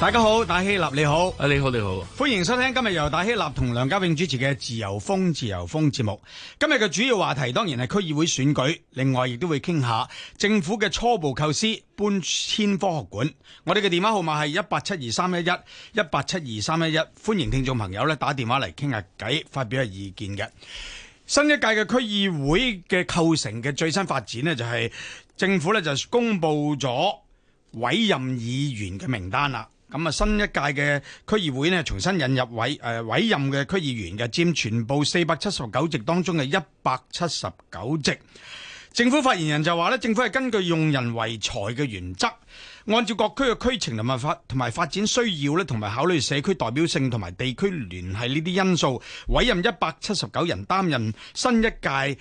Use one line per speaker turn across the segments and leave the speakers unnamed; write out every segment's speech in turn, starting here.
大家好，戴希立你好，啊你好你好，你好，歡迎收聽今日由戴希立同梁家永主持嘅自由風自由風節目。今日嘅主要話題當然係區議會選舉，另外亦都會傾下政府嘅初步構思搬遷科學館。我哋嘅電話號碼係一八七二三一一一八七二三一一，歡迎聽眾朋友呢打電話嚟傾下偈，發表下意見嘅。新一屆嘅區議會嘅構成嘅最新發展呢就係、是、政府呢就公布咗委任議員嘅名單啦。咁啊，新一屆嘅區議會呢重新引入委、誒委任嘅區議員嘅，佔全部四百七十九席當中嘅一百七十九席。政府發言人就話呢，政府係根據用人唯才嘅原則，按照各區嘅區情同埋發同埋發展需要呢，同埋考慮社區代表性同埋地區聯繫呢啲因素，委任一百七十九人擔任新一屆。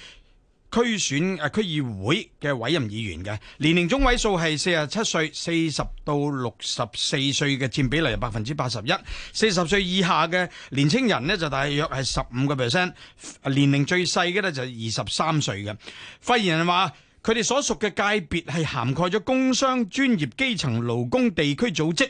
區選誒區議會嘅委任議員嘅年齡中位數係四十七歲，四十到六十四歲嘅佔比例係百分之八十一，四十歲以下嘅年青人呢，就大約係十五個 percent，年齡最細嘅呢，就係二十三歲嘅。發言人話佢哋所屬嘅界別係涵蓋咗工商、專業、基層、勞工、地區組織。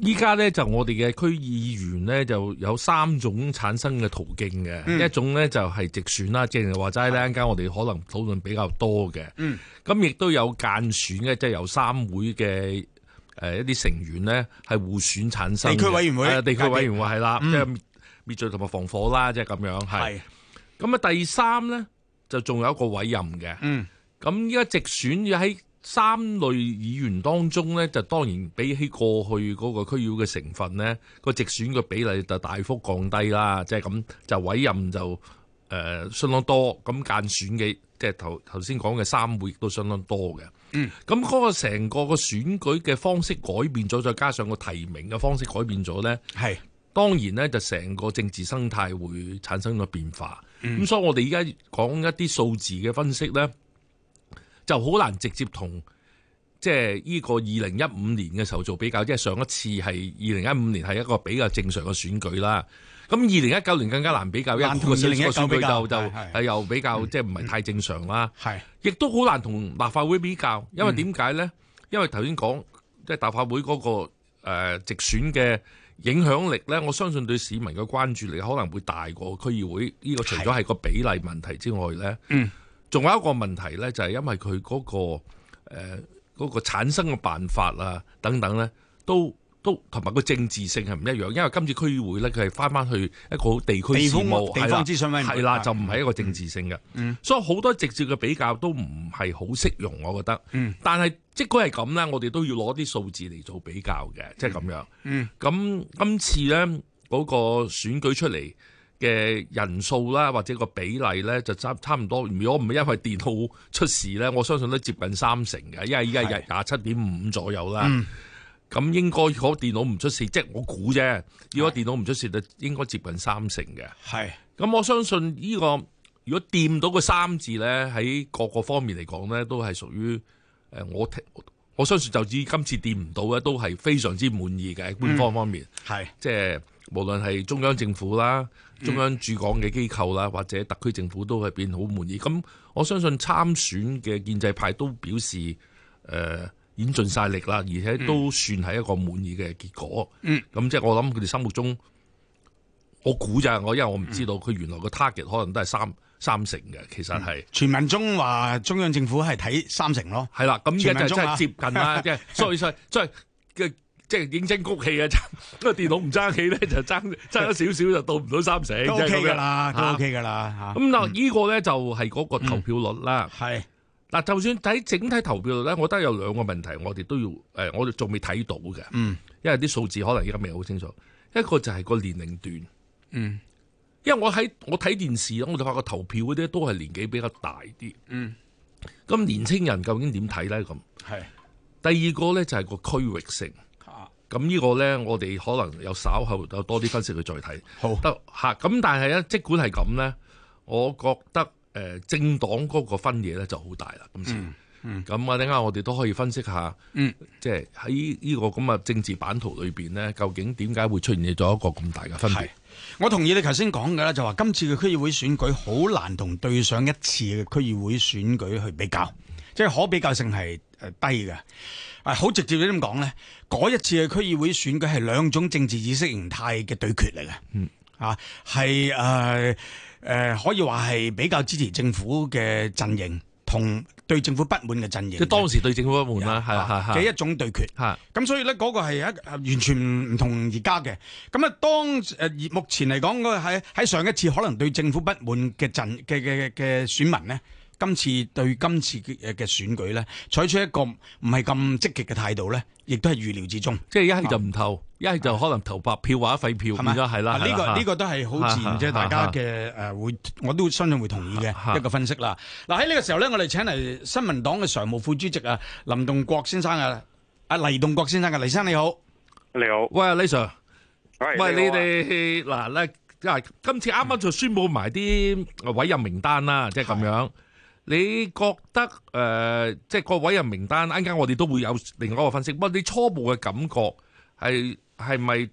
依家咧就我哋嘅區議員咧就有三種產生嘅途徑嘅，嗯，一種咧就係直選啦，即係話齋咧，陣間我哋可能討論比較多嘅。嗯，咁亦都有間選嘅，即係由三會嘅誒一啲成員咧係互選產生。呃，地區委員會，地區委員會係啦，即係滅罪同埋防火啦，即係咁樣。係。咁啊，第三咧就仲有一個委任嘅。嗯。咁依家直選要喺。三類議員當中咧，就當然比起過去嗰個區議員嘅成分咧，個直選嘅比例就大幅降低啦。即係咁，就委任就誒、呃、相當多，咁間選嘅即係頭頭先講嘅三會亦都相當多嘅。嗯，咁嗰個成個個選舉嘅方式改變咗，再加上個提名嘅方式改變咗咧，係是的 當然咧就成個政治生態會產生個變化。咁、嗯、所以我哋而家講一啲數字嘅分析咧。就好難直接同即係呢個二零一五年嘅時候做比較，即係上一次係二零一五年係一個比較正常嘅選舉啦。咁二零一九年更加難比較，因為個選，選舉就就是是又比較是是即係唔係太正常啦。亦是是 都好難同立法會比較，因為點解呢？嗯、因為頭先講即係立法會嗰、嗰個誒、呃、直選嘅影響力呢，我相信對市民嘅關注力可能會大過區議會。呢、呢個除咗係個比例問題之外呢。是是嗯仲有一個問題咧，就係、是、因為佢嗰、那個誒嗰、呃那個、產生嘅辦法啊，等等咧，都都同埋個政治性係唔一樣。因為今次區議會咧，佢係返返去一個地區事務，係啦，就唔係一個政治性嘅。嗯，所以好多直接嘅比較都唔係好適用，我覺得。嗯，但係即佢係咁咧，我哋都要攞啲數字嚟做比較嘅，即係咁樣。嗯，咁今次咧嗰、那個選舉出嚟嘅人數啦，或者個比例咧，就差差唔多。如果唔係因為電腦出事咧，我相信都接近三成嘅，因為依家廿廿七點五左右啦。咁是應該如果電腦唔出事，是即係我估啫。如果電腦唔出事，應該接近三成嘅。係是，咁我相信呢、這個如果掂到個三字咧，喺各個方面嚟講咧，都係屬於誒我聽我相信就至今次掂唔到咧，都係非常之滿意嘅。喺官方方面。係是，即係、就是、無論係中央政府啦。嗯中央駐港嘅機構啦，嗯、或者特區政府都係變好滿意。咁我相信參選嘅建制派都表示誒演盡晒力啦，而且都算係一個滿意嘅結果。咁、嗯、即係我諗佢哋心目中，我估就係我因為我唔知道佢原來個 target 可能都係三三成嘅，其實係
傳聞中話中央政府係睇三成咯。係啦，咁就真係接近啦。即係、啊。 所以，
所以嘅。即係認真谷氣啊！因為電腦唔爭，電腦唔爭氣咧， 一就爭爭咗少少就到唔到三成都 OK 噶啦，OK 噶啦。咁嗱、啊，呢個咧就係嗰個投票率啦。係嗱、嗯，就算睇整體投票率咧，我覺得有兩個問題我、呃，我哋都要誒，我哋仲未睇到嘅。嗯，因為啲數字可能而家未好清楚。一個就係個年齡段，嗯，因為我喺我睇電視我哋發覺投票嗰啲都係年紀比較大啲。嗯，咁年青人究竟點睇咧？咁係是第二個咧就係個區域性。咁呢個呢，我哋可能有稍後有多啲分析去再睇。好得吓。咁但係呢，即管係咁呢，我覺得、呃、政黨嗰個分野呢就好大啦。今次，咁、嗯嗯、等下我哋都可以分析下，即係喺呢個咁政治版圖裏面呢，究竟點解會出現咗一個咁大嘅分別？
我同意你頭先講嘅呢就話今次嘅區議會選舉好難同對上一次嘅區議會選舉去比較。即係可比較性係低嘅，好直接啲咁講咧？嗰一次嘅區議會選舉係兩種政治意識形態嘅對決嚟
嘅，
係、嗯啊呃呃、可以話係比較支持政府嘅陣營，同對政府不滿嘅陣營。即
當時對政府不滿啦，係係係嘅一種對決。
咁，是啊、所以咧嗰個係一完全唔同而家嘅。咁啊，目前嚟講，喺喺上一次可能對政府不滿嘅陣嘅嘅嘅選民咧。今次對今次嘅嘅選舉咧，採取一個唔係咁積極嘅態度咧，亦都係預料之中。即係一係就唔投，一係就可能
投白票或者廢票，
咁就係啦。呢個呢個都係好自然，即係大家嘅誒會，我都相信會同意嘅一個分析啦。嗱喺呢個時候咧，我哋請嚟新民黨嘅常務副主席啊，黎棟國先生啊，阿黎棟國先生啊，黎生你好，你好，喂黎 Sir，
喂你哋嗱咧，即係今次啱啱就宣佈埋啲委任名單啦，即係咁樣。你覺得誒、呃，即係個委任名單，啱啱我哋都會有另外一個分析。不過，你初步嘅感覺係係咪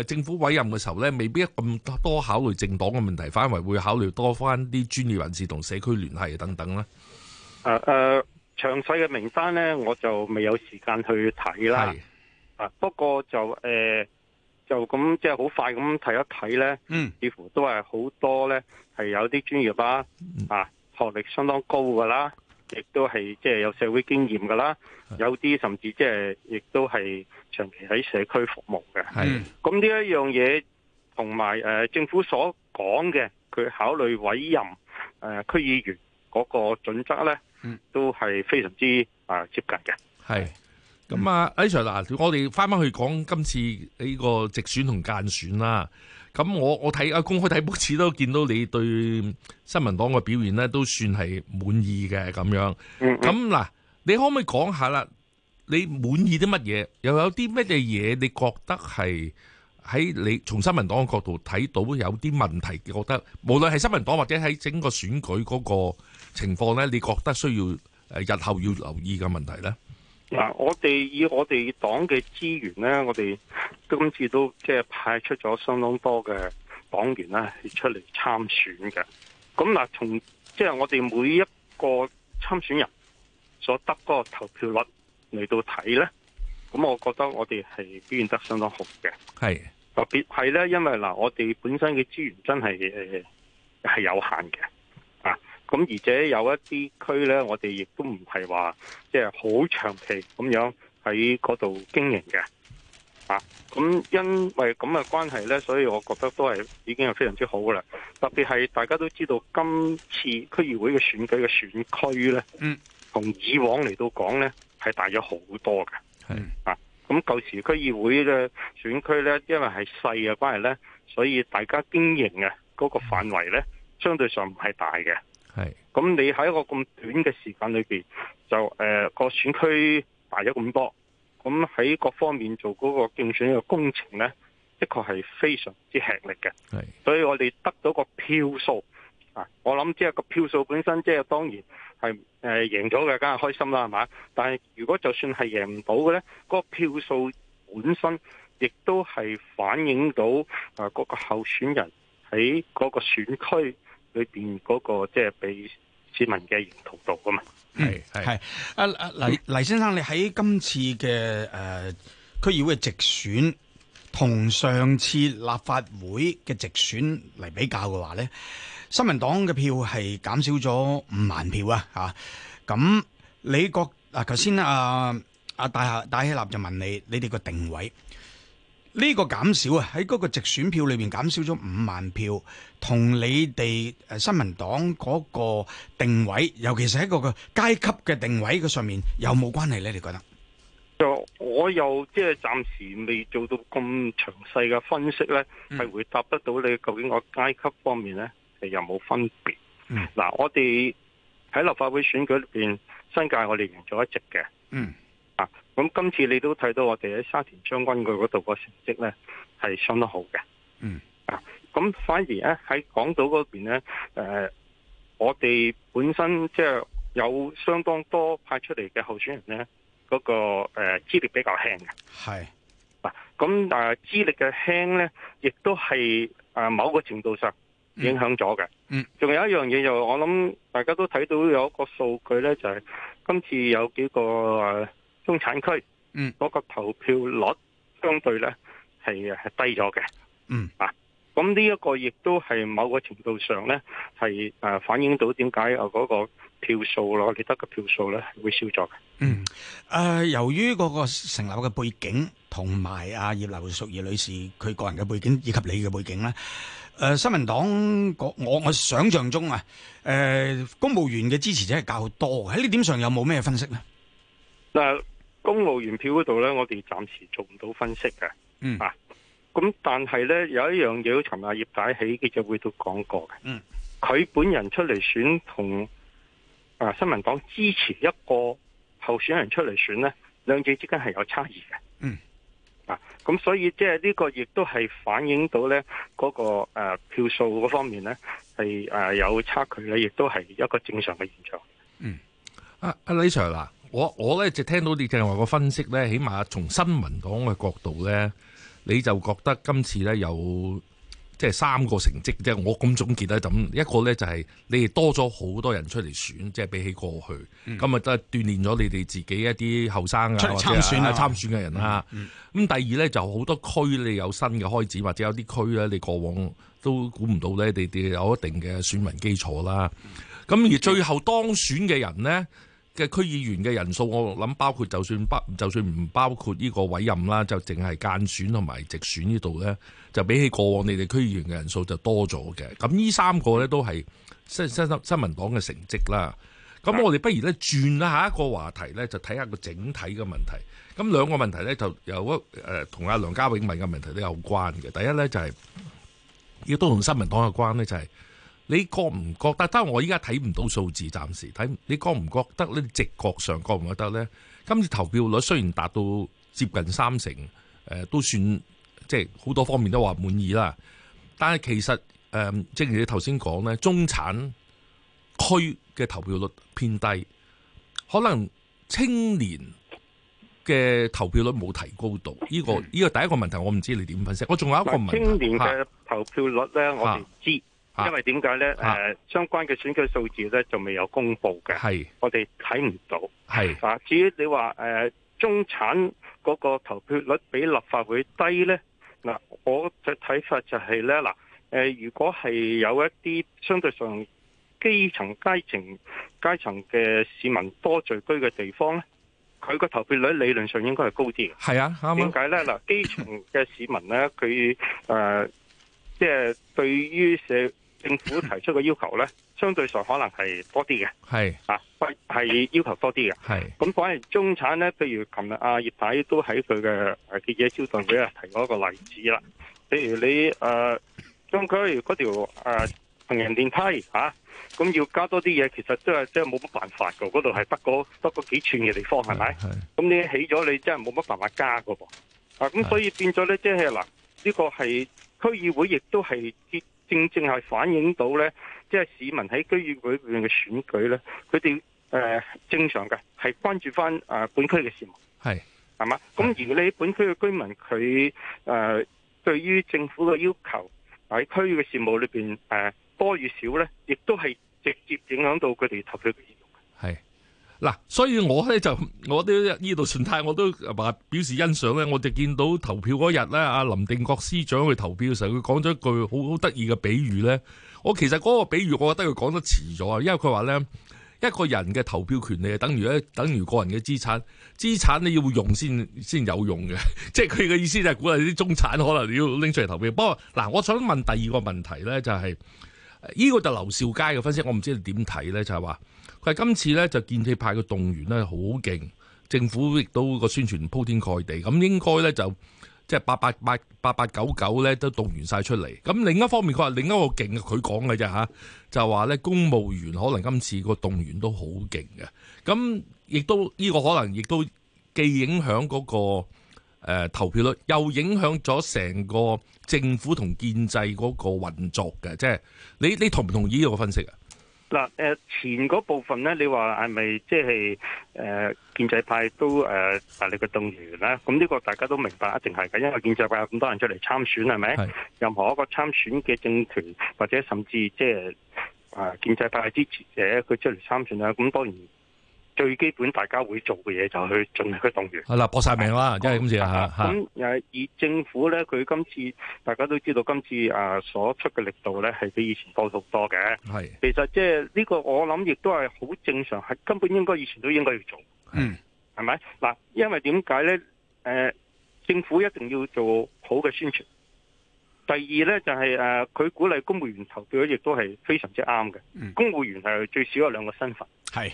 誒政府委任嘅時候咧，未必咁多考慮政黨嘅問題，反而會考慮多翻啲專業人士同社區聯繫等等咧？
誒誒、呃，詳細嘅名單咧，我就未有時間去睇啦。啊，不過就誒就咁即係好快咁睇一睇咧，似乎都係好多咧係有啲專業啦啊！學歷相當高嘅啦，亦都係即係有社會經驗嘅啦，的有啲甚至即係亦都係長期喺社區服務嘅。係的，咁呢一樣嘢同埋誒政府所講嘅，佢考慮委任誒、呃、區議員嗰個準則咧，都係非常之啊接近嘅。
係的，咁啊，A Sir 嗱，嗯、Sir，我哋返返去講今次呢個直選同間選啦。咁我我睇阿公開睇報紙都見到你對新民黨嘅表現呢，都算係滿意嘅咁樣。咁嗱，你可唔可以講下啦？你滿意啲乜嘢？又有啲乜嘢嘢？你覺得係喺你從新民黨嘅角度睇到有啲問題，覺得無論係新民黨或者喺整個選舉嗰個情況呢，你覺得需要誒日後要留意嘅問題呢？
嗱、嗯啊，我哋以我哋黨嘅資源咧，我哋今次都即係派出咗相當多嘅黨員啦，去出嚟參選嘅。咁嗱，從即係我哋每一個參選人所得嗰個投票率嚟到睇咧，咁我覺得我哋係表現得相當好嘅。係是特別係咧，因為嗱，我哋本身嘅資源真係誒係有限嘅。咁而且有一啲區呢，我哋亦都唔係話即係好長期咁樣喺嗰度經營嘅，啊！咁、嗯、因為咁嘅關係呢，所以我覺得都係已經係非常之好噶啦。特別係大家都知道，今次區議會嘅選舉嘅選區呢，嗯，同以往嚟到講呢，係大咗好多嘅，啊！咁舊時區議會嘅選區呢，因為係細嘅關係呢，所以大家經營嘅嗰個範圍呢，相對上唔係大嘅。係，咁是你喺一個咁短嘅時間裏邊，就誒個、呃、選區大咗咁多，咁喺各方面做嗰個競選嘅工程呢，的確係非常之吃力嘅。係是，所以我哋得到個票數啊，我諗即係個票數本身，即係當然係誒贏咗嘅，梗係開心啦，係嘛？但係如果就算係贏唔到嘅呢，嗰個票數本身亦都係反映到誒嗰個候選人喺嗰個選區裏邊嗰個即係俾市民嘅認同度噶嘛？係係啊。啊黎，
黎先生，你喺今次嘅誒、呃、區議會嘅直選同上次立法會嘅直選嚟比較嘅話咧，新民黨嘅票係減少咗五萬票啊！嚇，咁你覺啊？頭先啊，啊戴希戴希立就問你，你哋個定位？呢個減少啊，喺嗰個直選票裏面減少咗五萬票，同你哋誒新民黨嗰個定位，尤其是喺個階級嘅定位嘅上面，有冇關係咧？你覺得？
就我又即係暫時未做到咁詳細嘅分析咧，係回答得到你究竟個階級方面咧係有冇分別？嗯，嗱，我哋喺立法會選舉裏邊新界我一，我哋贏咗一席嘅，嗯。咁今次你都睇到我哋喺沙田將軍澳嗰度個成績咧，係相當好嘅。嗯啊，咁反而咧喺港島嗰邊咧，誒、呃，我哋本身即係有相當多派出嚟嘅候選人咧，嗰、那個誒、呃、資歷比較輕嘅。係嗱是，咁啊，啊資歷嘅輕咧，亦都係、呃、某個程度上影響咗嘅。嗯，仲有一樣嘢就我諗大家都睇到有一個數據咧，就係、是、今次有幾個誒。呃中產區，嗯，嗰個投票率相對咧係係低咗嘅，嗯啊，咁呢一個亦都係某個程度上咧係誒反映到點解啊嗰個票數咯，你得嘅票數咧會少咗嘅，
嗯，誒、呃，由於嗰個成立嘅背景同埋阿葉劉淑儀女士佢個人嘅背景以及你嘅背景咧，誒、呃，新民黨我我想像中啊，誒、呃，公務員嘅支持者係較多，喺呢點上有冇咩分析咧？
嗱、呃。公務員票嗰度咧，我哋暫時做唔到分析嘅。嗯，啊，咁但係咧有一樣嘢，嗰尋日葉太喺記者會都講過嘅。嗯，佢本人出嚟選同啊新民黨支持一個候選人出嚟選咧，兩者之間係有差異嘅。
嗯，
啊，咁所以即係呢個亦都係反映到咧嗰個誒票數嗰方面咧係誒有差距，咧亦都係一個正常嘅現象。嗯，
阿阿李 Sir 我我咧就聽到你淨係話個分析咧，起碼從新民黨嘅角度咧，你就覺得今次咧有即係三個成績啫。我咁總結呢，咁一個咧就係你哋多咗好多人出嚟選，即係比起過去，咁啊都係鍛煉咗你哋自己一啲後生啊出嚟參選啊參選嘅人啦。咁、嗯、第二咧就好多區你有新嘅開始，或者有啲區咧你過往都估唔到咧，你哋有一定嘅選民基礎啦。咁、嗯、而最後當選嘅人咧。嗯嗯嘅區議員嘅人數，我諗包括就算包，就算唔包括呢個委任啦，就淨係間選同埋直選呢度呢，就比起過往你哋區議員嘅人數就多咗嘅。咁呢三個呢，都係新新新民黨嘅成績啦。咁我哋不如呢轉下一個話題呢，就睇下個整體嘅問題。咁兩個問題呢，就由呃同阿梁家永問嘅問題都有關嘅。第一呢，就係亦都同新民黨有關呢，就係。你覺唔覺得？但我依家睇唔到數字，暫時睇。你覺唔覺得咧？你直覺上覺唔覺得呢？今次投票率雖然達到接近三成，呃、都算即好多方面都話滿意啦。但係其實即係、呃、你頭先講呢，中產區嘅投票率偏低，可能青年嘅投票率冇提高到。呢、呢個呢、呢個第一個問題，我唔知你點分析。我仲有一個問題，青年嘅
投票率呢，啊、我哋知。啊因為點解咧？誒、啊呃，相關嘅選舉數字咧，仲未有公布嘅，是我哋睇唔到。係是、啊、至於你話誒、呃、中產嗰個投票率比立法會低咧，嗱、呃，我嘅睇法就係咧，嗱、呃呃，如果係有一啲相對上基層階層階層嘅市民多聚居嘅地方咧，佢個投票率理論上應該係高啲
嘅。係啊，點解
咧？嗱， 基層嘅市民咧，佢誒，即、呃、係、就是、對於社 政府提出嘅要求咧，相對上可能係多啲嘅，係是啊，係要求多啲嘅，係是。咁反而中產咧，譬如琴日阿葉太都喺佢嘅記者招待會啊，啊提咗一個例子啦。譬如你誒、啊，中區嗰條誒行人電梯啊，咁要加多啲嘢，其實都係即係冇乜辦法噶。嗰度係得個得幾寸嘅地方，係咪？咁是你起咗，你真係冇乜辦法加噶。的啊，咁所以變咗咧，即係嗱，呢、這個係區議會亦都係。正正係反映到咧，即係市民喺區議會裏邊嘅選舉咧，佢哋誒正常嘅係關注翻誒本區嘅事務，係係嘛？咁而你本區嘅居民佢誒、呃、對於政府嘅要求喺區議嘅事務裏邊誒多與少咧，亦都係直接影響到佢哋投票嘅意願
嘅，係。嗱、啊，所以我咧就我都呢度順帶，我都話表示欣賞咧。我就見到投票嗰日咧，阿林定國司長去投票嘅時候，佢講咗一句好好得意嘅比喻咧。我其實嗰個比喻，我覺得佢講得遲咗啊，因為佢話咧，一個人嘅投票權利等於咧，等於個人嘅資產，資產你要用先先有用嘅，即係佢嘅意思就係、是、鼓勵啲中產可能你要拎出嚟投票。不過嗱、啊，我想問第二個問題咧，就係、是。呢個就劉少佳嘅分析，我唔知你點睇？呢就係話佢係今次呢就建制派嘅動員呢好勁，政府亦都個宣傳鋪天蓋地咁，應該呢，就即係八八八八八九九呢都動員晒出嚟。咁另一方面，佢話另一個勁佢講嘅啫吓，就話呢公務員可能今次個動員都好勁嘅，咁亦都呢個可能亦都既影響嗰個。誒、呃、投票率又影響咗成個政府同建制嗰個運作嘅，即係你你同唔同意呢個分析啊？
嗱，誒前嗰部分咧，你話係咪即係誒建制派都誒大力嘅動員咧？咁呢個大家都明白一定係嘅，因為建制派有咁多人出嚟參選係咪？是是任何一個參選嘅政團或者甚至即係啊建制派支持者，佢出嚟參選啊，咁當然。最基本大家會做嘅嘢就去盡力去動員。
係啦、啊，搏晒命啦，即係今次嚇。咁、
啊啊、而政府呢，佢今次大家都知道，今次啊所出嘅力度呢，係比以前多好多嘅。係是其實即係呢個，我諗亦都係好正常，係根本應該以前都應該要做。嗯，係咪？嗱，因為點解呢？誒、啊，政府一定要做好嘅宣傳。第二呢，就係、是、誒、啊，佢鼓勵公務員投票，亦都係非常之啱嘅。公、嗯、務員係最少有兩個身份。係。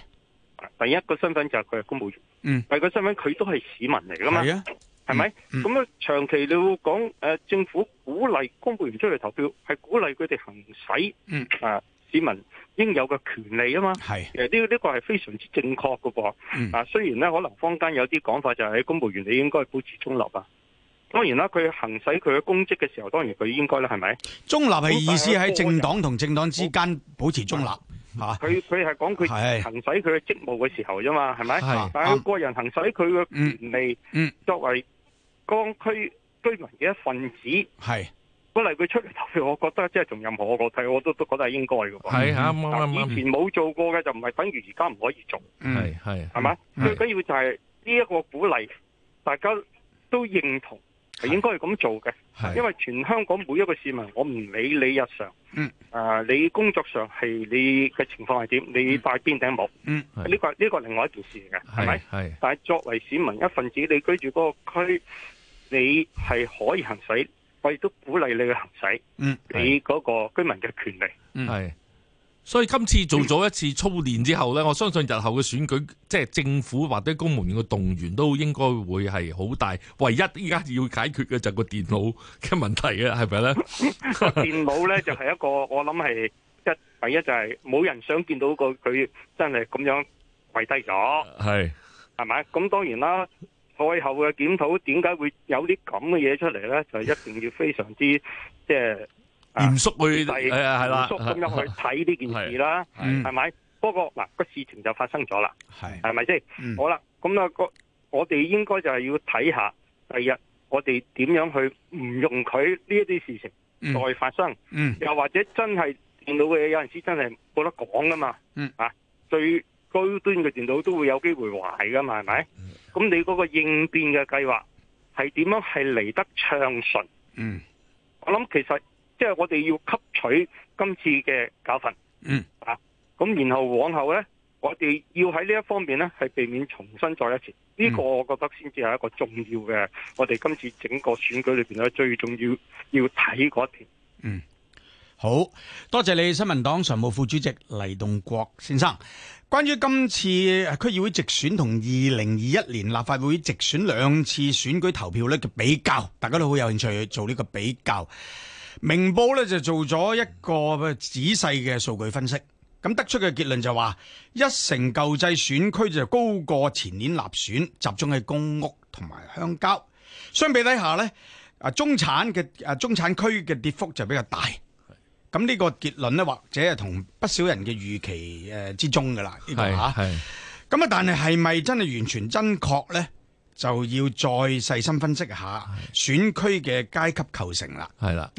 第一個身份就係佢係公務員，嗯、第二個身份佢都係市民嚟噶嘛，係咪？咁啊長期你要講、啊、政府鼓勵公務員出去投票，係鼓勵佢哋行使、嗯、啊市民應有嘅權利啊嘛，係。誒、呢個呢個係非常之正確㗎噃。嗯、啊，雖然咧可能坊間有啲講法就係、是、喺公務員你應該保持中立啊。當然啦、啊，佢行使佢嘅公職嘅時候，當然佢應該啦，係咪？中立係意思喺政
黨同政黨之間保持中立。中立
佢佢係講佢行使佢嘅職務嘅時候啫嘛，係咪？是但係個人行使佢嘅權利，嗯嗯、作為江區居民嘅一份子，鼓勵佢出嚟，投票，我覺得即係從任何角度睇，我都都覺得係應該嘅。係是以前冇做過嘅就唔係等於而家唔可以做。
係係係
咪？最緊吧要就係呢一個鼓勵，大家都認同。係應該係咁做嘅，因為全香港每一個市民，我唔理你日常，嗯，誒、呃，你工作上係你嘅情況係點，你戴邊頂帽，嗯，呢、這個呢、這個另外一件事嚟嘅，係咪？係。但係作為市民一份子，你居住嗰個區，你係可以行使，我亦都鼓勵你去行使，嗯，你嗰個居民嘅權利，嗯
係。所以今次做咗一次操練之後呢，我相信日後嘅選舉，即係政府或者公務員嘅動員都應該會係好大。唯一而家要解決嘅就係個電腦嘅問題啊，係咪 呢？電
腦呢就係、是、一個我諗係一第一就係、是、冇人想見到個佢真係咁樣跪低咗。係係咪？咁當然啦，賽後嘅檢討，點解會有啲咁嘅嘢出嚟呢？就是、一定要非常之即係。就是
嚴肅去睇係啦，嚴肅咁樣去
睇呢件事啦，係咪？不過嗱，個事情就發生咗啦，係咪先？好啦，咁啊，我我哋應該就係要睇下第二日我哋點樣去唔容許呢一啲事情再發生？嗯，又或者真係電腦嘅嘢有陣時真係冇得講噶嘛？嗯，啊，最高端嘅電腦都會有機會壞噶嘛？係咪？咁你嗰個應變嘅計劃係點樣？係嚟得暢順？嗯，我諗其實。即係我哋要吸取今次嘅教訓，嗯啊，咁然後往後呢，我哋要喺呢一方面呢，係避免重新再一次呢個，我覺得先至係一個重要嘅。我哋今次整個選舉裏邊咧，最重要要睇嗰一條。嗯，
好多謝你，新民黨常務副主席黎棟國先生。關於今次區議會直選同二零二一年立法會直選兩次選舉投票率嘅比較，大家都好有興趣做呢個比較。明報咧就做咗一個仔細嘅數據分析，咁得出嘅結論就話一成舊制選區就高過前年立選，集中喺公屋同埋鄉郊。相比底下咧，啊中產嘅啊中產區嘅跌幅就比較大。咁呢個結論呢，或者係同不少人嘅預期誒之中㗎啦，嚇。咁啊，但係係咪真係完全真確咧？就要再細心分析下選區嘅階級構成啦，係啦，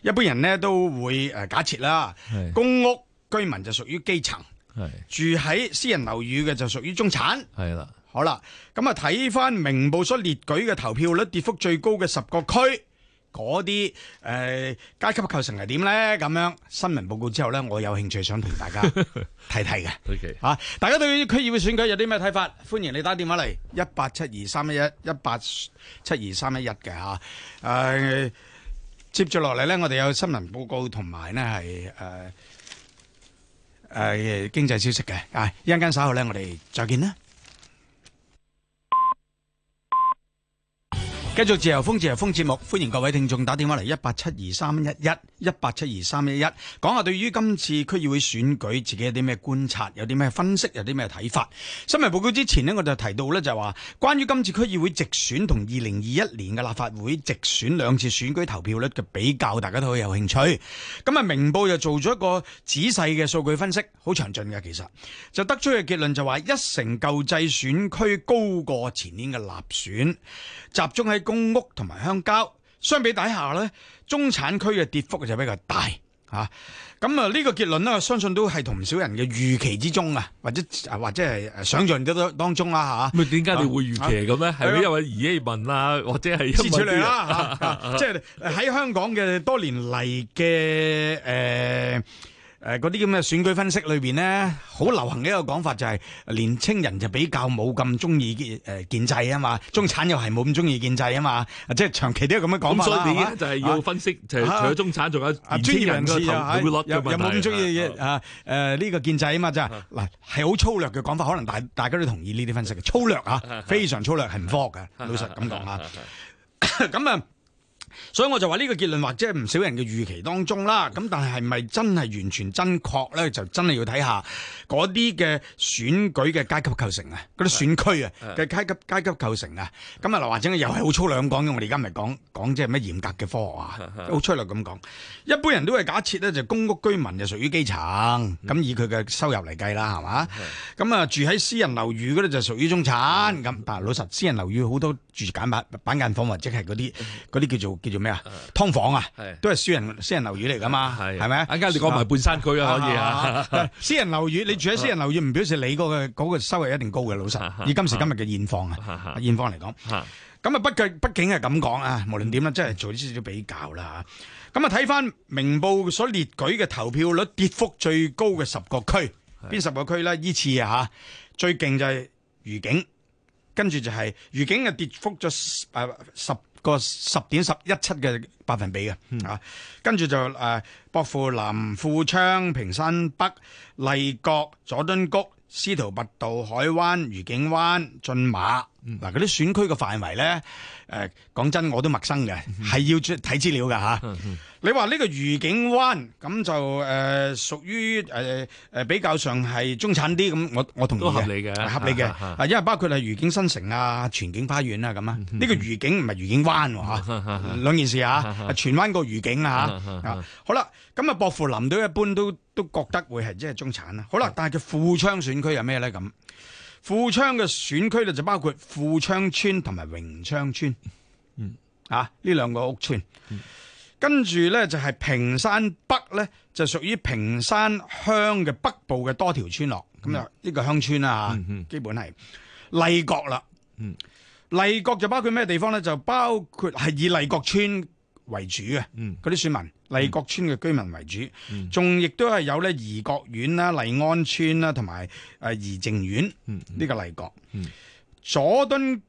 一般人呢都會假設啦，公屋居民就屬於基層，住喺私人樓宇嘅就屬於中產，係啦，好啦，咁啊睇翻明報所列舉嘅投票率跌幅最高嘅十個區。嗰啲誒階級構成係點咧？咁樣新聞報告之後咧，我有興趣想同大家睇睇嘅。啊，大家對於區議會選舉有啲咩睇法？歡迎你打電話嚟一八七二三一一一八七二三一一嘅嚇。誒，接住落嚟咧，我哋有新聞報告同埋咧係誒誒經濟消息嘅。啊，一陣間稍後咧，我哋再見啦。繼續自由風自由風節目，歡迎各位聽眾打電話嚟一八七二三一一。11, 一八七二三一一，講下對於今次區議會選舉自己有啲咩觀察，有啲咩分析，有啲咩睇法。新聞報告之前呢，我就提到咧就話，關於今次區議會直選同二零二一年嘅立法會直選兩次選舉投票率嘅比較，大家都好有興趣。咁啊，明報又做咗一個仔細嘅數據分析，好詳盡嘅其實，就得出嘅結論就話，一成舊制選區高過前年嘅立選，集中喺公屋同埋鄉郊。相比底下咧，中產區嘅跌幅就比較大嚇。咁啊，呢、啊，這個結論咧，我相信都係同唔少人嘅預期之中啊，或者或者係想象得當中啦嚇。咪點解你會預期咁咧？係咪因
為移民啦，或者係先出嚟啦，
即係喺香港嘅多年嚟嘅誒。呃誒，嗰啲咁嘅選舉分析裏面咧，好流行嘅一個講法就係年青人就比較冇咁中意建建制啊嘛，中產又係冇咁中意建制啊嘛，即係長期都係咁樣講。嗯、吧所以呢，就係要分析，就、啊、除咗中產，仲有專業人士嘅有冇咁中意嘅嘢啊？呢個建制啊嘛，就係、是、嗱，係、啊、好粗略嘅講法，可能大大家都同意呢啲分析嘅粗略嚇、啊，非常粗略，唔、啊、科學嘅，啊、老實咁講咁啊～啊啊啊啊所以我就話呢個結論或者唔少人嘅預期當中啦，咁但係係咪真係完全真確咧？就真係要睇下嗰啲嘅選舉嘅階級構成啊，嗰啲選區啊嘅階級階級構成啊。咁啊，劉華又係好粗略講嘅，我哋而家唔係講講即係乜嚴格嘅科學啊，好粗略咁講。一般人都係假設咧就公屋居民就屬於基層，咁以佢嘅收入嚟計啦，係嘛？咁啊住喺私人樓宇嗰啲就屬於中產，咁但係老實，私人樓宇好多住簡版板間房或者係嗰啲嗰啲叫做。叫做咩啊？劏房啊，都係私人私人樓宇嚟噶嘛，係咪？陣間你講埋半山區啊，可以啊。私人樓宇，你住喺私人樓宇，唔表示你個嘅嗰個收入一定高嘅。老實以今時今日嘅現況啊，現況嚟講，咁啊，不過畢竟係咁講啊，無論點啦，即係做啲少少比較啦吓。咁啊，睇翻明報所列舉嘅投票率跌幅最高嘅十個區，邊十個區咧？依次啊，最勁就係愉景，跟住就係愉景啊，跌幅咗誒十。個十點十一七嘅百分比嘅，啊，跟住就誒、啊，薄扶林、南富昌、平山北、麗閣、佐敦谷、司徒拔道、海灣、愉景灣、駿馬。嗱，嗰啲選區嘅範圍咧，誒講真我都陌生嘅，係要睇資料㗎嚇。你話呢個愉景灣咁就誒屬於誒比較上係中產啲咁，我我同意嘅，合理嘅，合理嘅。啊，因為包括係愉景新城啊、全景花園啊咁啊，呢個愉景唔係愉景灣喎嚇，兩件事啊，荃灣個愉景啊啊，好啦，咁啊，薄扶林都一般都都覺得會係即係中產啊。好啦，但係佢富昌選區係咩咧咁？富昌嘅選區咧就包括富昌村同埋榮昌村，嗯啊呢兩個屋村，嗯、跟住咧就係平山北咧就屬於屏山鄉嘅北部嘅多條村落，咁啊呢個鄉村啊，吓、嗯，嗯、基本係麗角啦，嗯麗角就包括咩地方咧？就包括係以麗角村為主啊，嗯嗰啲選民。麗閣村嘅居民為主，仲亦都係有咧，怡閣苑啦、麗安村啦，同埋誒怡靖苑呢個麗閣。嗯嗯、佐敦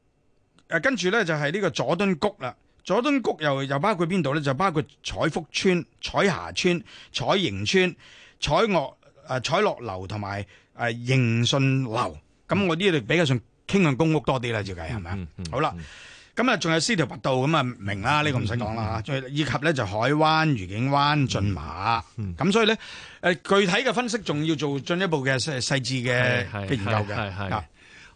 誒，跟住咧就係呢個佐敦谷啦。佐敦谷又又包括邊度咧？就包括彩福村、彩霞村、彩盈村、彩樂誒、呃、彩樂樓同埋誒盈信樓。咁、嗯、我呢度比較上傾向公屋多啲啦，照計係咪？好啦。咁啊，仲有司徒拔道白道咁啊，明、這、啦、個，呢個唔使講啦嚇。以及咧就海灣、愉景灣、駿、嗯、馬，咁、嗯、所以咧具體嘅分析仲要做進一步嘅細細緻嘅研究嘅。是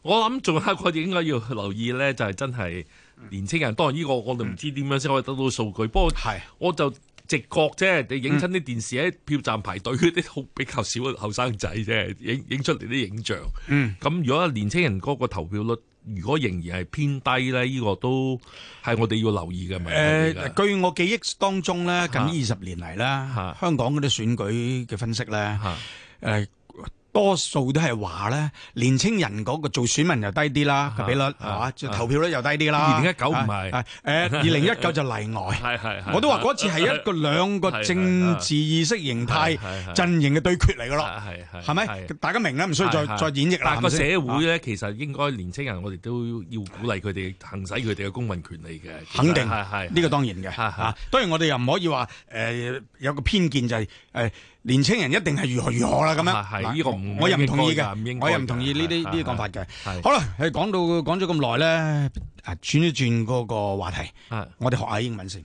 我諗仲有我哋應該要留意咧，就係真係年青
人當然呢個，我哋唔知點樣先可以得到數據。嗯、不過我就直覺啫，你影親啲電視喺票站排隊啲好比較少嘅後生仔啫，影影出嚟啲影像。咁、嗯、如果年青人嗰個投票率，如果仍然係偏低咧，呢、這個都
係我哋要留意嘅問題。誒、呃，據我記憶當中咧，近二十年嚟啦，嚇、啊、香港嗰啲選舉嘅分析咧，嚇誒、啊。呃多數都係話咧，年青人嗰個做選民又低啲啦個比率，係嘛？投票率又低啲啦。二零一九唔係誒，二零一九就例外。我都話嗰次係一個兩個政治意識形態陣營嘅對決嚟嘅咯。係咪大家明啦，唔需要再再演繹啦。個社會咧，
其實應該年青人，我哋都要鼓勵佢哋行使佢哋嘅公民權利嘅。肯定係係，呢個當然嘅嚇。
當然我哋又唔可以話誒有個偏見就係誒。年青人一定係如何如何啦咁樣，是是是是我又唔同意嘅，我又唔同意呢啲呢啲講法嘅是是是好啦，係講到講咗咁耐咧，轉一轉個話題，是是我哋學下英文先。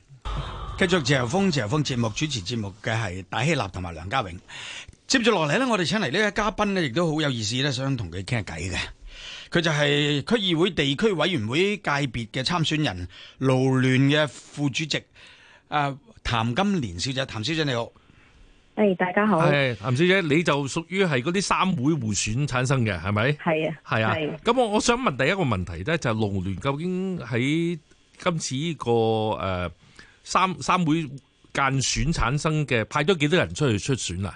繼續自由風自由風，節目主持節目嘅係戴希立同埋梁家永。接住落嚟呢，我哋請嚟呢個嘉賓呢，亦都好有意思咧，想同佢傾下偈嘅。佢就係區議會地區委員會界別嘅參選人勞聯嘅副主席。誒、呃，譚金蓮小姐，譚小姐你好。誒，hey, 大家好。係譚小姐，你就屬於係嗰啲三會互選產生嘅，係咪？
係啊，係啊。咁我的我想問第一個問題咧，就係勞聯究竟喺今次呢、這個誒、呃、三三會間選產生嘅，派咗幾多人出去出選啊？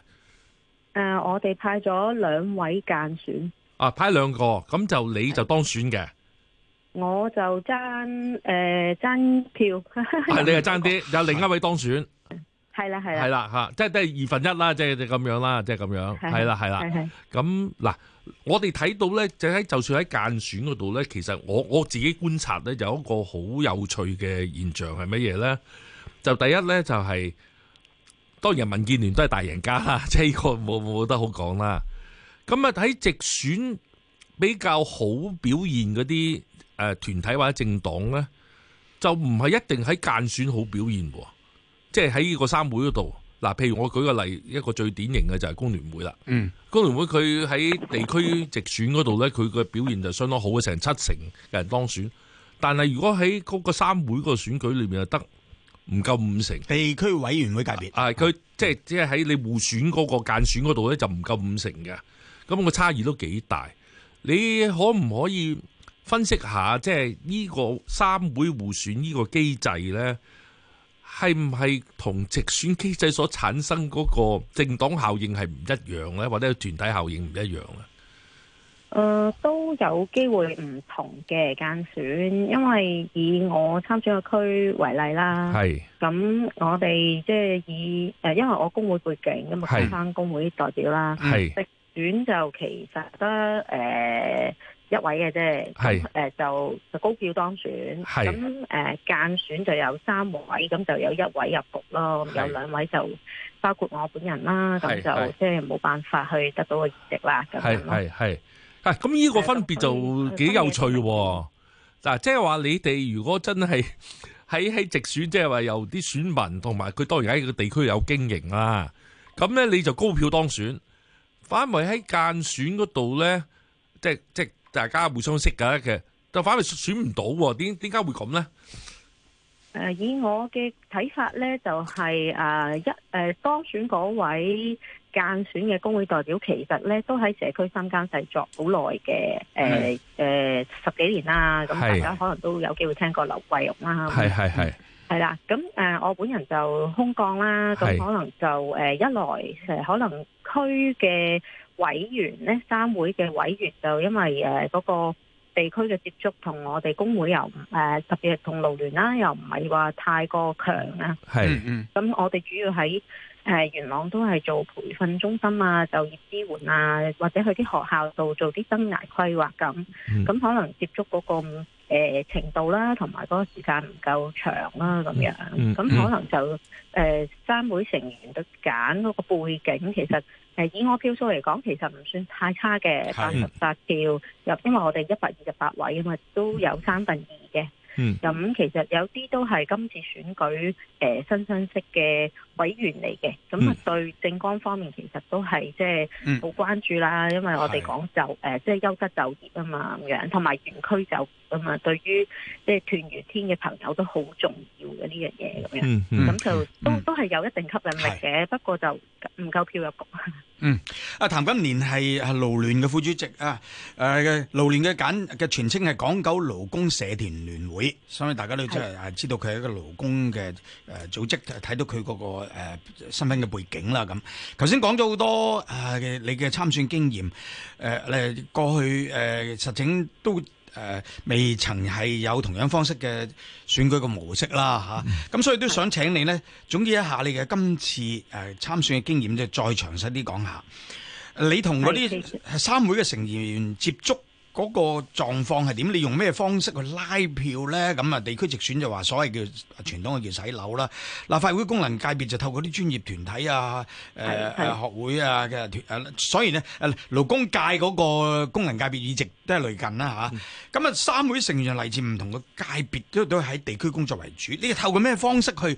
誒、
呃，我哋派咗兩位間選。
啊，派兩個，咁就你就當選嘅？
我就爭誒，爭、呃、票。係 你係
爭啲，有另一位當選。係啦，係啦，係啦，吓，即係都係二分一啦，即係即咁樣啦，即係咁樣，係啦，係啦，咁嗱，我哋睇到咧，就喺就算喺間選嗰度咧，其實我我自己觀察咧，有一個好有趣嘅現象係乜嘢咧？就第一咧，就係、是、當然民建聯都係大贏家嚇，即係呢個冇冇得好講啦。咁啊喺直選比較好表現嗰啲誒團體或者政黨咧，就唔係一定喺間選好表現喎。即係喺呢個三會嗰度，嗱，譬如我舉個例，一個最典型嘅就係工聯會啦。嗯，工聯會佢喺地區直選嗰度咧，佢嘅表現就相當好嘅，成七成嘅人當選。但係如果喺嗰個三會個選舉裏面，就得唔夠五成。地區委員會界別啊，佢、嗯、即係即係喺你互選嗰個間選嗰度咧，就唔夠五成嘅。咁、嗰個差異都幾大。你可唔可以分析下，即係呢個三會互選個機呢個機制咧？係唔係同直選機制所產生嗰個政黨效應係唔一樣咧，或者團體效應唔一樣啊、
呃？都有機會唔同嘅間選，因為以我參選個區為例啦。係是。咁我哋即係以誒、呃，因為我工會背景咁啊，翻是工會代表啦。係是。直選就其實得、呃一位嘅啫，誒就就高票當選，咁誒間選就有三位，咁就有一位入局咯，有兩位就包括我本人啦，咁就即係冇辦法去得到個議席啦，咁樣
咯。係係，啊咁呢個分別就幾有趣喎！嗱，即係話你哋如果真係喺喺直選，即係話有啲選民同埋佢當然喺個地區有經營啦，咁咧你就高票當選，反為喺間選嗰度咧，即即。大家互相識嘅，就反而選唔到，點點解會咁呢？
誒，以我嘅睇法呢，就係誒一誒當選嗰位間選嘅工會代表，其實呢都喺社區深耕細作好耐嘅，誒誒十幾年啦。咁大家可能都有機會聽過劉桂玉啦。係係係，係啦。咁誒，我本人就空降啦，咁可能就誒一來誒可能區嘅。委員咧，三會嘅委員就因為誒嗰、呃那個地區嘅接觸，同我哋工會又誒、呃，特別係同勞聯啦，又唔係話太過強啊。係，咁、嗯、我哋主要喺誒、呃、元朗都係做培訓中心啊，就業支援啊，或者去啲學校度做啲生涯規劃咁。咁、嗯、可能接觸嗰、那個誒、呃、程度啦，同埋嗰個時間唔夠長啦，咁樣。咁、嗯嗯、可能就誒、呃、三會成員都揀嗰個背景，其實。誒以我票數嚟講，其實唔算太差嘅，八十八票入，因為我哋一百二十八位啊嘛，都有三分二嘅。嗯。咁其實有啲都係今次選舉誒新上色嘅委員嚟嘅，咁啊對政綱方面其實都係即係好關注啦，因為我哋講就誒即係優質就業啊嘛咁樣，同埋原區就啊嘛，對於即係屯元天嘅朋友都好重要嘅呢樣嘢咁樣。咁就都都係有一定吸引力嘅，不過就，
唔夠票入局。嗯，阿譚金蓮係勞聯嘅副主席啊，誒、啊，勞聯嘅簡嘅、啊、全稱係港九勞工社團聯會，所以大家都即係知道佢係一個勞工嘅誒組織，睇、啊、到佢嗰、那個誒、啊、身份嘅背景啦。咁，頭先講咗好多誒、啊，你嘅參選經驗，誒、啊，過去誒、啊，實情都。誒、呃、未曾係有同樣方式嘅選舉嘅模式啦吓，咁、啊、所以都想請你咧總結一下你嘅今次誒參、呃、選嘅經驗，驗，就再詳細啲講下。你同嗰啲三會嘅成員接觸。嗰個狀況係點？你用咩方式去拉票咧？咁啊，地區直選就話所謂叫傳統嘅叫洗樓啦。立法會功能界別就透過啲專業團體啊，誒學會啊嘅團，所以咧勞工界嗰個功能界別議席都係類近啦嚇。咁啊，三會成員就嚟自唔同嘅界別，都都喺地區工作為主。你透過咩方式去誒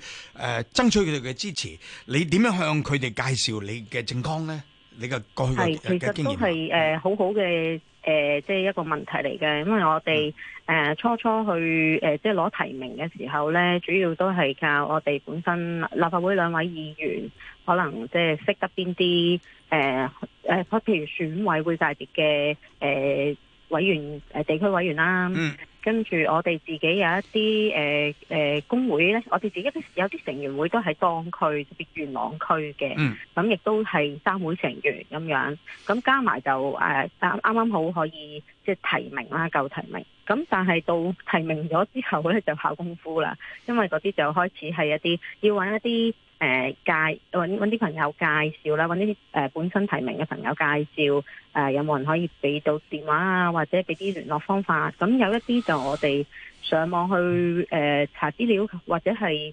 爭取佢哋嘅支持？你點樣向佢哋介紹你嘅政綱咧？你嘅過去嘅嘅經驗啊？係其
實都係誒好好嘅。誒、呃，即係一個問題嚟嘅，因為我哋誒、呃、初初去誒、呃、即係攞提名嘅時候呢，主要都係靠我哋本身立法會兩位議員，可能即係識得邊啲誒誒，譬如選委會界別嘅誒委員誒地區委員啦、啊。嗯跟住我哋自己有一啲誒誒工會咧，我哋自己有啲成員會都喺當區，特別元朗區嘅，咁亦、嗯、都係三會成員咁樣，咁加埋就誒啱啱好可以即係提名啦，夠提名。咁但係到提名咗之後呢，就考功夫啦。因為嗰啲就開始係一啲要揾一啲、呃、介揾啲朋友介紹啦，揾啲呃、本身提名嘅朋友介紹。呃介紹呃、有冇人可以畀到電話啊，或者畀啲聯絡方法？咁有一啲就我哋上網去、呃、查資料，或者係、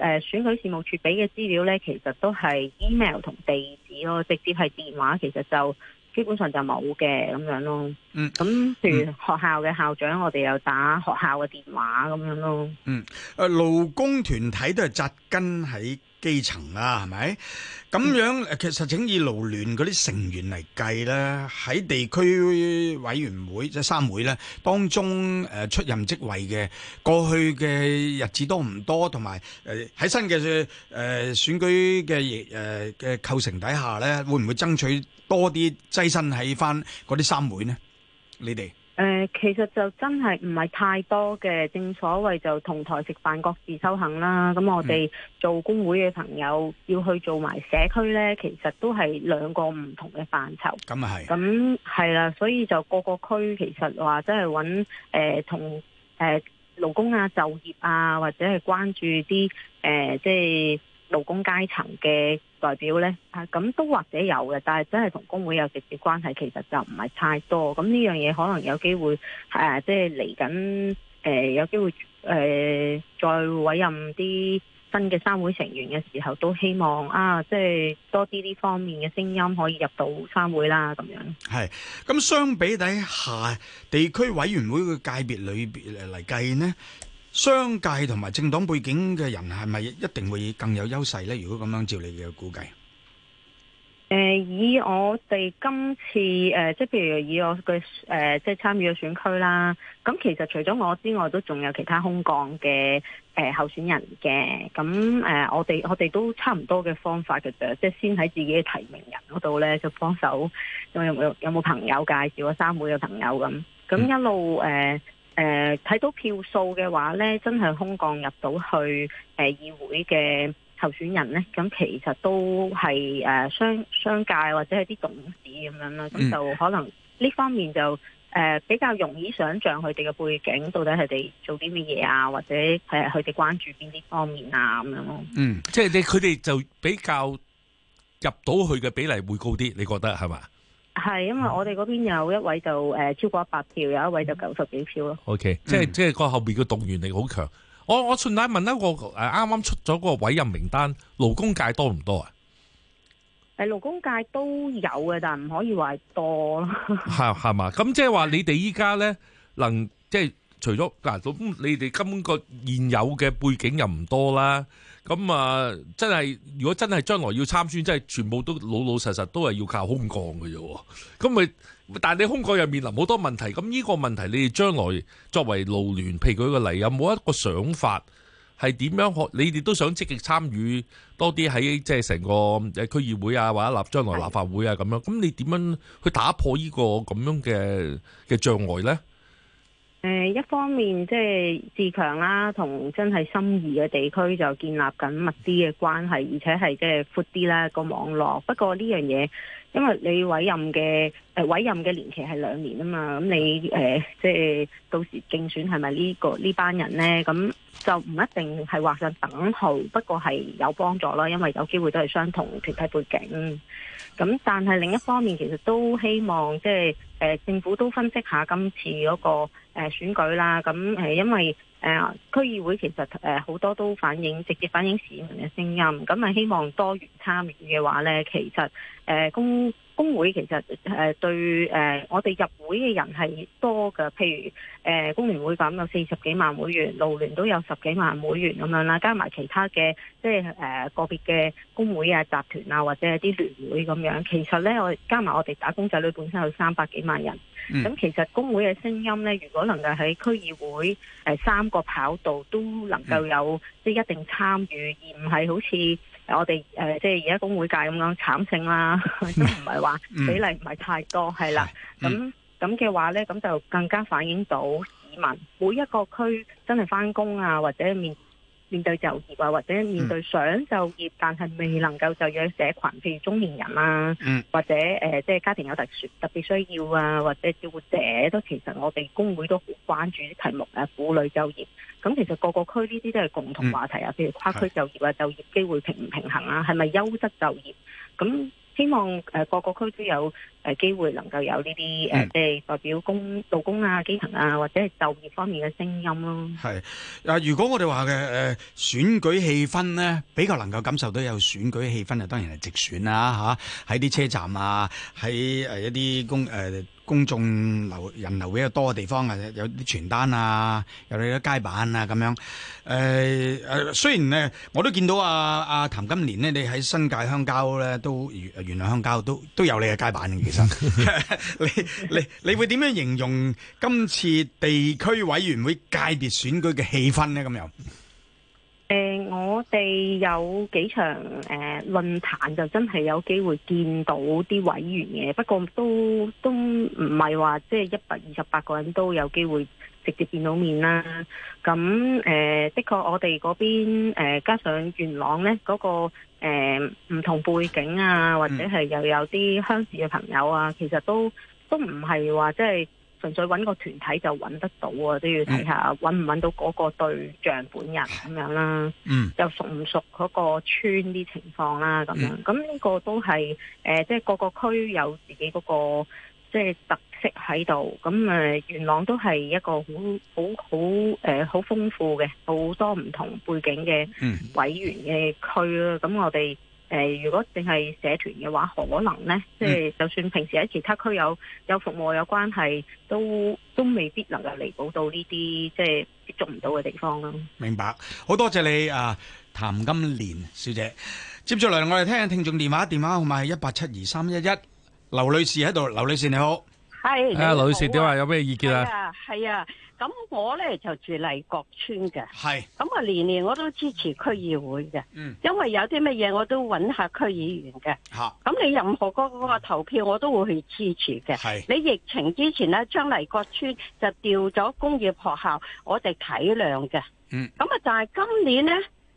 呃、選舉事務處畀嘅資料呢，其實都係 email 同地址咯，直接係電話其實就。基本上就冇嘅咁樣咯，嗯，咁譬如學校嘅校
長，我哋又打學校嘅電話咁樣咯，嗯，誒勞工團體都係紮根喺基層啦，係咪？咁樣誒，其實請以勞聯嗰啲成員嚟計咧，喺地區委員會即係三會咧，當中誒出任職位嘅過去嘅日子多唔多，同埋誒喺新嘅誒選舉嘅誒嘅構成底下咧，會唔會爭取？多啲躋身喺翻嗰啲三會呢，你哋誒，
其實就真係唔係太多嘅，正所謂就同台食飯各自修行啦。咁我哋做工會嘅朋友要去做埋社區呢，其實都係兩個唔同嘅範疇。咁啊係。咁係啦，所以就個個區其實話真係揾誒同誒勞工啊就業啊或者係關注啲誒即係勞工階層嘅。代表呢，咁都或者有嘅，但係真係同工會有直接關係，其實就唔係太多。咁呢樣嘢可能有機會，啊、即係嚟緊，誒、呃，有機會，誒、呃，再委任啲新嘅三會成員嘅時候，都希望啊，即係多啲呢方面嘅聲音可以入到三會啦，咁樣。
係，咁相比底下地區委員會嘅界別裏邊嚟計呢？商界同埋政黨背景嘅人係咪一定會更有優勢呢？如果咁樣照你嘅估計，
誒，以我哋今次誒、呃，即係譬如以我嘅誒、呃，即係參與嘅選區啦，咁其實除咗我之外，都仲有其他空降嘅誒候選人嘅。咁誒、呃，我哋我哋都差唔多嘅方法嘅啫，即係先喺自己嘅提名人嗰度呢，就幫手有冇有冇朋友介紹啊，三會嘅朋友咁，咁一路誒。嗯呃誒睇、呃、到票數嘅話咧，真係空降入到去誒、呃、議會嘅候選人咧，咁其實都係誒商商界或者係啲董事咁樣啦，咁、嗯、就可能呢方面就誒、呃、比較容易想像佢哋嘅背景，到底係佢哋做啲乜嘢啊，或者係佢哋關注邊啲方面啊咁樣咯。嗯，
即係你佢哋就比較入到去嘅比例會高啲，你覺得係嘛？是吧？
係，是因為我哋嗰邊有一位就誒超過一百票，有一位就九
十幾票咯。OK，即係即係個後邊嘅動員力好強。我我順帶問一個，誒啱啱出咗嗰個委任名單，勞工界多唔多啊？誒，
勞工界都有嘅，但係唔
可以話多咯。係係嘛，咁即係話你哋依家咧，能即係除咗嗱，咁你哋今個現有嘅背景又唔多啦。咁啊，真係如果真係將來要參選，真係全部都老老實實都係要靠空降嘅啫。咁咪，但係你空降又面臨好多問題，咁呢個問題，你哋將來作為勞聯譬如舉個例，有冇一個想法係點樣？學，你哋都想積極參與多啲喺即係成個區議會啊，或者立將來立法會啊咁樣，咁你點樣去打破這個這呢個咁樣嘅嘅障礙咧？
呃、一方面即係自強啦、啊，同真係心儀嘅地區就建立緊密啲嘅關係，而且係即係闊啲啦個網絡。不過呢樣嘢，因為你委任嘅、呃、委任嘅年期係兩年啊嘛，咁你、呃、即係到時競選係咪、這個、呢個呢班人咧？咁就唔一定係劃上等號，不過係有幫助啦，因為有機會都係相同團體背景。咁但係另一方面，其實都希望即係、呃、政府都分析下今次嗰、那個。誒選舉啦，咁誒因為誒區議會其實誒好多都反映直接反映市民嘅聲音，咁咪希望多元參與嘅話咧，其實誒公工會其實誒對誒，我哋入會嘅人係多嘅，譬如誒工聯會咁有四十幾萬會員，勞聯都有十幾萬會員咁樣啦，加埋其他嘅即係誒個別嘅工會啊、集團啊或者啲聯會咁樣。其實咧，加我加埋我哋打工仔女本身有三百幾萬人，咁、嗯、其實工會嘅聲音咧，如果能夠喺區議會三個跑道都能夠有即一定參與，而唔係好似。我哋誒即係而家工會界咁樣慘勝啦，都唔係話比例唔係太多，係 啦樂，咁咁嘅話咧，咁就、 嗯、 更加反映到市民每一個區真係返工啊，或者面。面對就業啊，或者面對想就業但係未能夠就業嘅社群，譬如中年人啊，
嗯、
或者誒，即、呃、係、就是、家庭有特殊特別需要啊，或者照顧者都，其實我哋工會都好關注啲題目啊，婦女就業。咁其實各個區呢啲都係共同話題啊，譬、嗯、如跨區就業啊，是就業機會平唔平衡啊，係咪優質就業？咁希望誒各個區都有誒機會，能夠有呢啲誒即係代表工勞工啊、基層啊，或者係就業方面嘅聲音咯。
係啊，如果我哋話嘅誒選舉氣氛咧，比較能夠感受到有選舉氣氛啊，當然係直選啦嚇，喺啲車站啊，喺誒一啲工誒。公眾流人流比較多嘅地方啊，有啲傳單啊，有你啲街板啊咁樣。誒、呃、誒，雖然咧，我都見到阿、啊、阿、啊、譚金蓮呢，你喺新界鄉郊咧，都原原來鄉郊都都有你嘅街板。嘅，其實。 你你你會點樣形容今次地區委員會界別選舉嘅氣氛咧？咁又？
誒、呃，我哋有幾場誒論壇就真係有機會見到啲委員嘅，不過都都唔係話即係一百二十八個人都有機會直接見到面啦。咁誒、呃，的確我哋嗰邊誒加上元朗呢嗰、那個誒唔、呃、同背景啊，或者係又有啲鄉事嘅朋友啊，其實都都唔係話即係。純粹揾個團體就揾得到啊，都要睇下揾唔揾到嗰個對象本人咁樣啦。嗯，又熟唔熟嗰個村啲情況啦，咁樣。咁呢、嗯、個都係誒，即、呃、係、就是、各個區有自己嗰、那個即係、就是、特色喺度。咁誒、呃，元朗都係一個好好好誒，好豐、呃、富嘅，好多唔同背景嘅委員嘅區啦。咁、嗯、我哋。誒，如果淨係社團嘅話，可能呢即係、嗯、就算平時喺其他區有有服務有關係，都都未必能夠彌補到呢啲即係接觸唔到嘅地方咯。
明白，好多謝你啊，譚金蓮小姐。接住嚟，我哋聽下聽眾電話，電話號碼係一八七二三一一。劉女士喺度，劉女士你好，係，啊，劉女士點啊？有咩意見啊？
係啊。咁我呢，就住麗閣邨嘅，係咁啊，年年我都支持區議會嘅，嗯，因為有啲乜嘢我都揾下區議員嘅，吓、啊，咁你任何嗰個，個投票我都會去支持嘅，係是。你疫情之前呢，將麗閣邨就調咗工業學校，我哋體諒嘅，嗯，咁啊但係今年呢，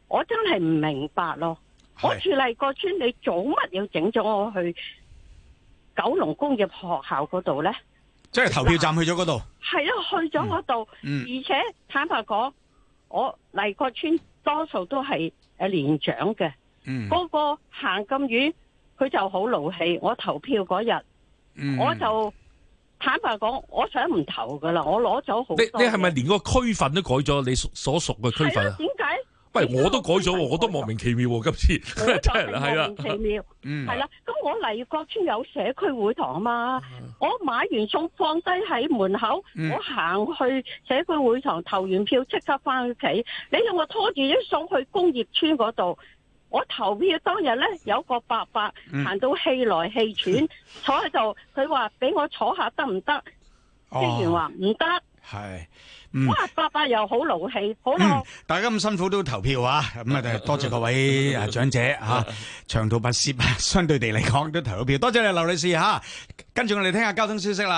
我真係唔明白咯，是我住麗閣邨，你做乜要整咗我去九龍工業學校嗰度呢？
即係投票站去咗嗰度，
係、嗯、啊去咗嗰度，嗯嗯、而且坦白講，我黎國村多數都係誒年長嘅，嗰、嗯、個行咁遠，佢就好勞氣。我投票嗰日，嗯、我就坦白講，我想唔投噶啦，我攞咗好。你你係
咪連個區份都改咗？你所所屬嘅區份啊？
點解？我都
改咗，我都莫名其妙，今次真係啦，係啦。莫名其妙， 了嗯，係啦。
咁我嚟各村有社區會堂嘛？我買完餸放低喺門口，嗯、我行去社區會堂投完票即刻翻屋企。你用我拖住啲餸去工業村嗰度，我投票當日咧，有個伯伯行到氣來氣喘，嗯、坐喺度，佢話俾我坐下得唔得？
職員話唔得。哦。係，是，嗯、
哇伯伯又好勞氣，好咯，嗯。
大家咁辛苦都投票啊！咁啊，多謝各位啊長者吓、 啊，長途跋涉啊，相對地嚟講都投到票。多謝你劉女士吓、啊，跟住我哋聽下交通消息啦。